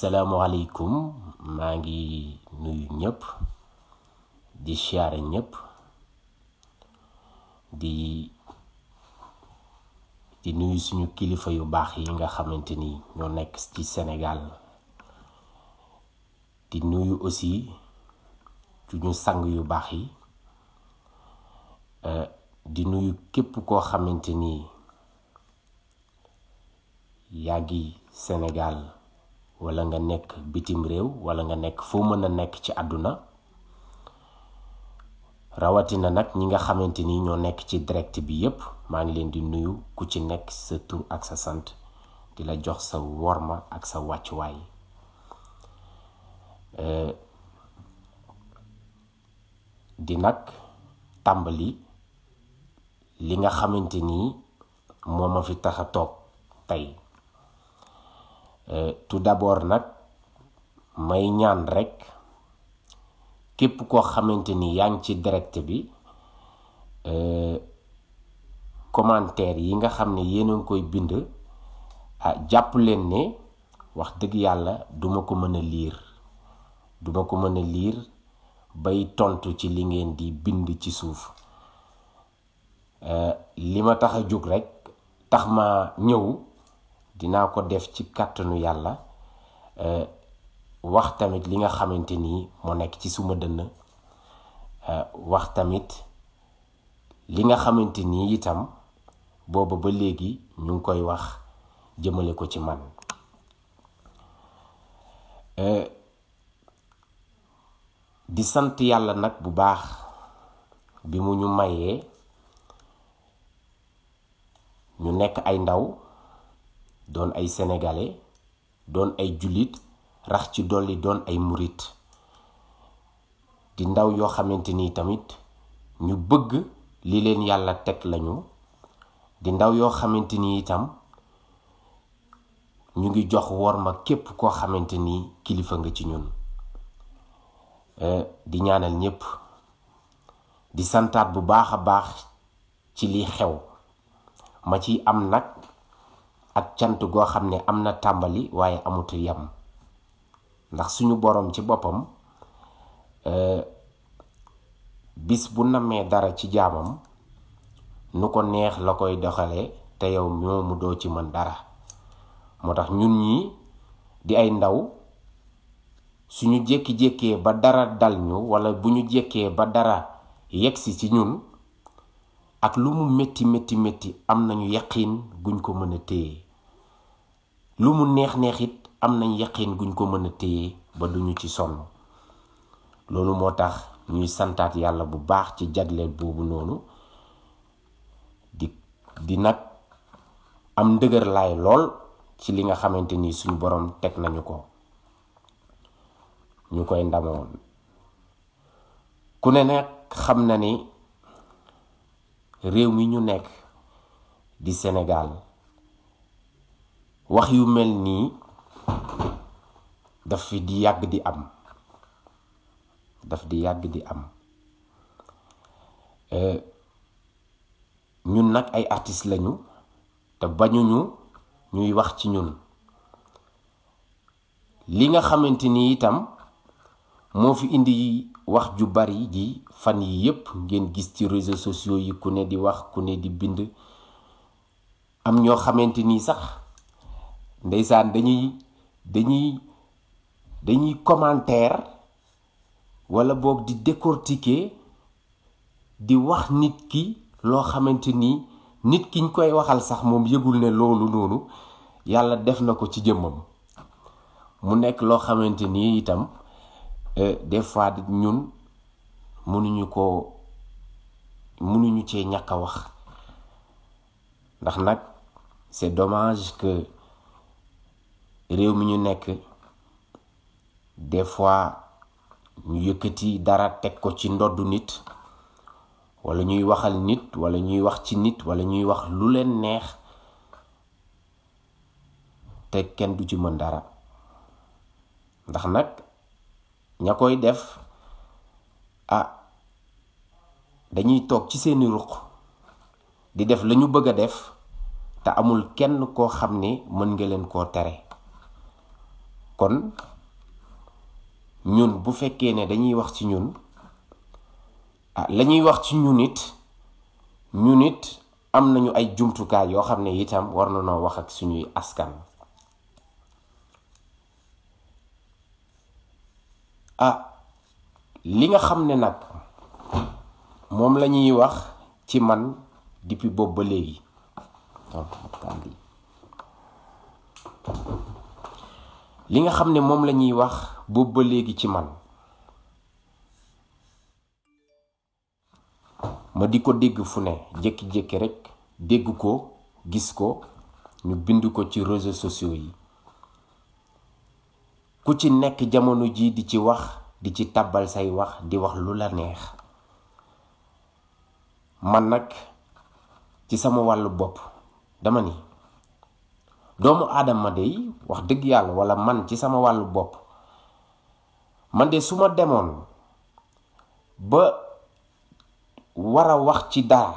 asalaamualeykum maa ngi nuyu ñëpp di siyaare ñëpp di di nuyu suñu kilifa yu baax yi nga xamante ni ñoo nekk ci Sénégal di nuyu aussi suñu sang yu baax yi euh, di nuyu képp koo xamante ni yaa ngi wala nga nekk bitim réew wala nga nekk foo mën a nekk ci àdduna rawatina nag ñi nga xamante ni ñoo nekk ci direct bi yépp maa ngi leen di nuyu ku ci nekk sa tur ak sa sant di la jox sa worma ak sa wàccuwaay eh, di nag tàmbali li nga xamante nii moo ma fi tax a toog tey Euh, tout d'abord nag may ñaan rekk képp koo xamante ni yaa ngi ci direct bi euh, commentaire yi nga xam ne yéen a ngi koy bind ah jàpp leen ne wax dëgg yàlla duma ko mën a liir duma ko mën a liir bay tontu ci li ngeen di bind ci suuf euh, li ma tax a jóg rekk tax ma ñëw dinaa ko def ci kàttanu yàlla euh, wax tamit li nga xamante nii moo nekk ci suma dënn euh, wax tamit li nga xamante nii itam booba ba léegi ñu ngi koy wax jëmale ko ci man euh, di sant yàlla nag bu baax bi mu ñu mayee ñu nekk ay ndaw doon ay senegale doon ay jullit rax ci dolli doon ay murit di ndaw yoo xamante ni tamit ñu bëgg li leen yàlla teg lañu di ndaw yoo xamante ni itam ñu ngi jox wor worma képp koo xamante ni kilifa nga ci ñun eh, di ñaanal ñépp di santaat bu baax a baax ci li xew ma ci am nag ak cant goo xam ne am na tàmbali waaye amut yam ndax suñu boroom ci boppam euh, bis bu namee dara ci jaamam nu ko neex la koy doxale te yow moomu doo ci mën dara moo tax ñun ñi di ay ndaw suñu jékki-jékkee ba dara dal ñu walla bu ñu jékkee ba dara yegsi ci ñun ak lu mu métti métti métti am nañu yaqiin guñ ko mën a téye lu mu neex neex it am nañ yaqiin guñ ko mën a téye ba duñu ci sonn loolu moo tax ñuy santaat yàlla bu baax ci jagleel boobu noonu di di nag am ndëgër laay lool ci li nga xamante ni suñu boroom teg nañu ko ñu koy ndamoon ku ne nag xam na ni réew mi ñu nekk di Sénégal wax yu mel nii daf fi di yàgg di am daf di yàgg di am euh, ñun nag ay artistes lañu te bañuñu ñuy wax ci ñun li nga xamante ni itam moo fi indi wax ju bari ji fan yi yépp ngeen gis ci réseaux sociaux yi ku ne di wax ku ne di bind am ñoo xamante nii sax ndeysaan dañuy dañuy dañuy commentaire walla boog di décortiquer di wax nit ki loo xamante nii nit kiñ koy waxal sax moom yëgul ne loolu noonu yàlla def na ko ci jëmmam mu nekk loo xamante nii itam et des fois ñun mënuñu ko mënuñu cee ñàkk wax ndax nag c'est domage que réew mi ñu nekk des fois ñu yëkkati dara teg ko ci ndoddu nit wala ñuy waxal nit wala ñuy wax ci nit wala ñuy wax lu leen neex te kenn du ci mën dara ndax nag ña koy def ah, dañuy toog ci seeni ruq di def la ñu bëgg a def te amul kenn koo xam ni mën nga leen koo tere kon ñun bu fekkee ne dañuy wax ci ñun ah la ñuy wax ci ñun it ñun it am nañu ay jumtukaay yoo xam ne itam war na noo wax ak suñuy askan ah li nga xam ne nag moom la ñuy wax ci man depuis boobu ba léegi li nga xam ne moom lañuy wax boobu ba léegi ci man ma di ko dégg fu ne jékki-jékki rekk dégg ko gis ko ñu bind ko ci réseaux sociaux yi ku ci nekk jamono ji di ci wax di ci tàbbal say wax di wax lu la neex man nag ci sama wàllu bopp dama ni doomu aadama day wax dëgg yàlla walla man ci sama wàllu bopp man de su ma demoon ba war a wax ci dara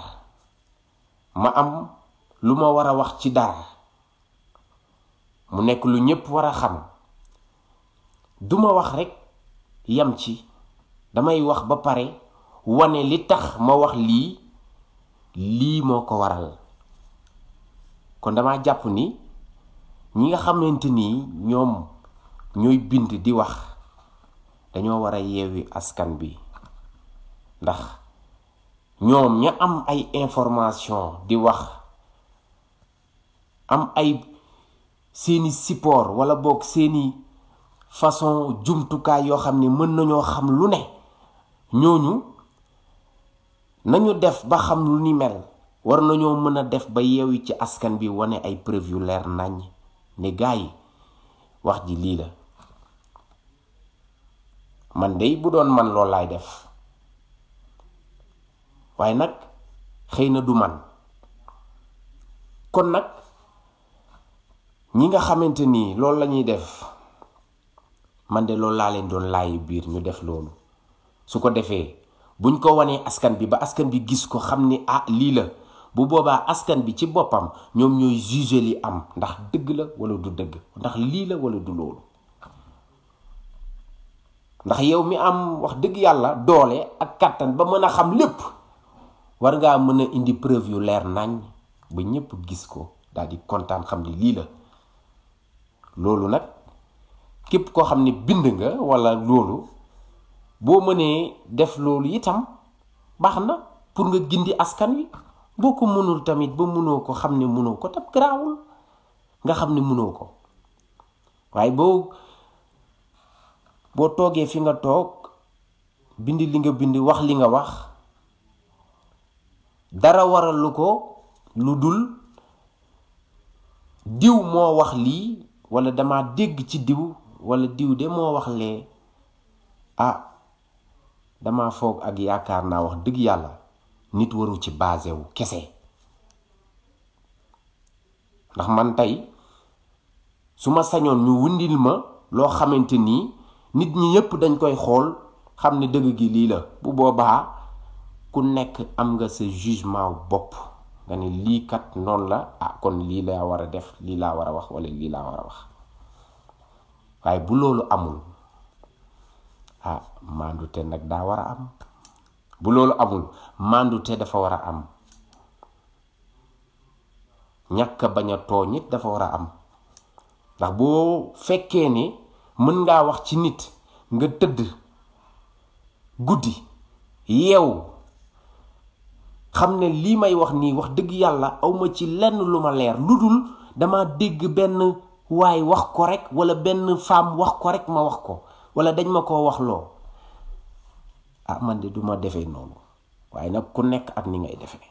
ma am lu ma war a wax ci dara mu nekk lu ñépp war a xam duma wax rekk yam ci damay wax ba pare wane li tax ma wax lii lii moo ko waral kon dama jàpp ni ñi nga xamante ni ñoom ñooy bind di wax dañoo war a yeewi askan bi ndax ñoom ña am ay information di wax am ay seeni support walla boog seeni façon jumtukaay yoo xam ni mën nañoo xam lu ne ñooñu nañu def ba xam lu ni mel war nañoo mën a def ba yeewi ci askan bi wane ay preuve yu leer nañ ni gaa yi wax ji lii la man dey bu doon man loolu laay def waaye nag xëy na du man kon nag ñi nga xamante nii loolu lañuy def man de loolu laa leen doon laayu biir ñu def loolu su ko defee buñ ko wanee askan bi ba askan bi gis ko xam ni ah lii la bu boobaa askan bi ci boppam ñoom ñooy juger li am ndax dëgg la wala du dëgg ndax lii la wala du loolu ndax yow mi am wax dëgg yàlla doole ak kàttan ba mën a xam lépp war ngaa mën a indi preuve yu leer nañ ba ñépp gis ko daal di kontaan xam ni lii la loolu nag képp koo xam ne bind nga walla loolu boo mënee def loolu itam baax na pour nga gindi askan wi boo ko mënul tamit ba mënoo ko xam ne mënoo ko tam garaawul nga xam ne mënoo ko waaye boo boo toogee fi nga toog bind li nga bind wax li nga wax dara waralu ko lu dul diw moo wax lii walla dama dégg ci diw wala diw de moo wax lee ah, dama foog ak yaakaar naa wax dëgg yàlla nit waru ci basé wu kese ndax man tey su ma sañoon ñu wundil ma loo xamante nii nit ñi yépp dañ koy xool xam ne dëgg gi lii la bu boobaa ku nekk am nga sa jugement bopp nga ne lii kat noonu la ah kon lii laa war a def lii laa war a wax wala lii laa war a wax waaye bu loolu amul ah nag daa war a am bu loolu amul maandute dafa war a am ñàkk a bañ a tooñ it dafa war a am ndax boo fekkee ni mën ngaa wax ci nit nga tëdd guddi yeew xam ne lii may wax nii wax dëgg yàlla awma ci lenn lu ma leer lu dul dama dégg benn waaye wax ko rek wala benn femme wax ko rek ma wax ko wala dañ ma ko wax loo ah man de du ma defee waaye nag ku nekk ak ni ngay defee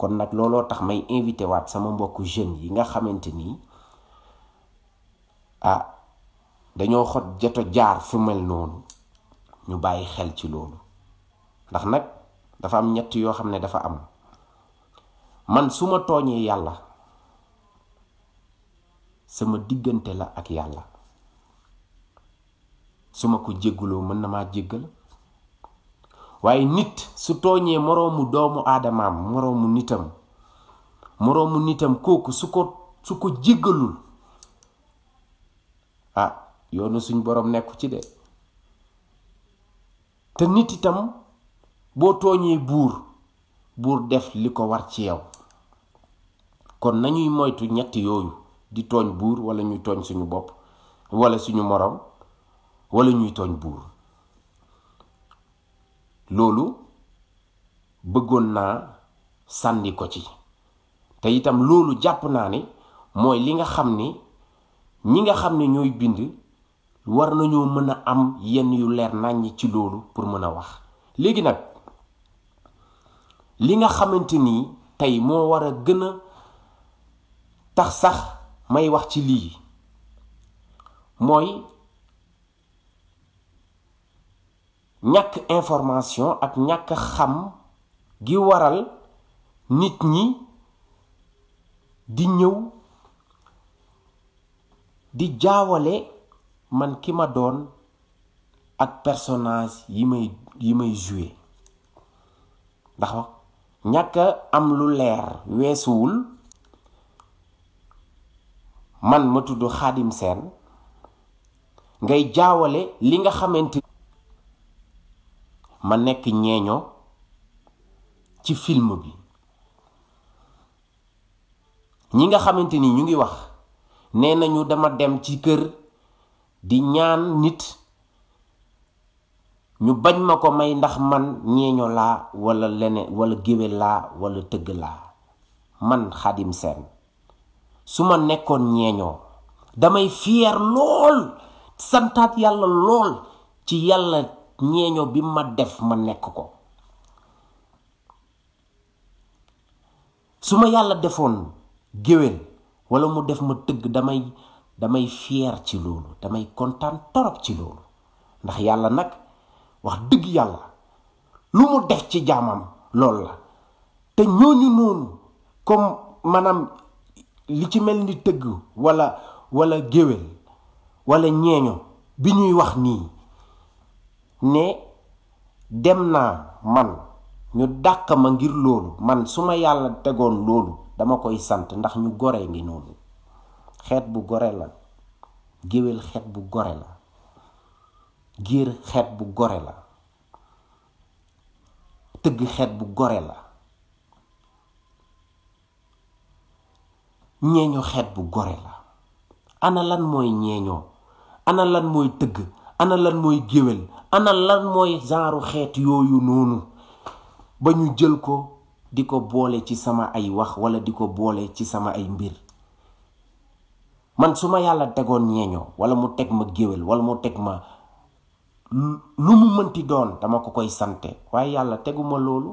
kon nag looloo tax may invité waat sama mbokku jeunes yi nga xamante nii ah dañoo xot joto jaar fu mel noonu ñu bàyyi xel ci loolu ndax nag dafa am ñett yoo xam ne dafa am man su ma tooñee yàlla. sama diggante la ak yàlla su ma ko jéggaloo mën na maa jéggal waaye nit su tooñee moroomu doomu aadamaam moroomu nitam moroomu nitam kooku su ko su ko jéggalul ah yoonu suñ boroom nekku ci de te nit itam boo tooñee buur buur def li ko war ci yow kon nañuy moytu ñetti yooyu di tooñ buur wala ñuy tooñ suñu bopp walla suñu moroom wala ñuy tooñ buur loolu bëggoon naa sànni ko ci te itam loolu jàpp naa ne mooy li nga xam ni ñi nga xam ne ñooy bind war nañoo mën a am yenn yu leer nàññi ci loolu pour mën a wax léegi nag li nga xamante nii tey moo war a gën a tax sax may wax ci lii mooy ñàkk information ak ñàkk xam gi waral nit ñi di ñëw di jaawale man ki ma doon ak personnage yi may yi may joué ñàkk am lu leer weesuwul man ma tudd Xaadim Seen ngay jaawale li nga xamante ma nekk ñeeño ci film bi ñi nga xamante ni ñu ngi wax nee nañu dama dem ci kër di ñaan nit ñu bañ ma ko may ndax man ñeeño laa walla lene walla géwél laa walla tëgg laa man Xaadim Seen su ma nekkoon ñeeñoo damay fier lool santaat yàlla lool ci yàlla ñeeñoo bi ma def ma nekk ko su ma yàlla defoon géwél wala mu def ma tëgg damay damay fier ci loolu damay kontaan torop ci loolu ndax yàlla nag wax dëgg yàlla lu mu def ci jaamam lool la te ñooñu noonu comme maanaam li ci mel ni tëgg walla walla géwél wala ñeeño bi ñuy wax nii ne dem naa man ñu dàq ma ngir loolu man su ma yàlla tegoon loolu dama koy sant ndax ñu gore ngi noonu xeet bu gore la géwél xeet bu gore la géer xeet bu gore la tëgg xeet bu gore la ñeeño xeet bu gore la ana lan mooy ñeeñoo ana lan mooy tëgg ana mooy géwél ana lan mooy genre xeet yooyu noonu ba ñu jël ko di ko boole ci sama ay wax wala di ko boole ci sama ay mbir man su ma yàlla tegoon ñeeñoo wala mu teg ma géwél wala mu teg ma lu mu mënti doon dama ko koy sante waaye yàlla teguma loolu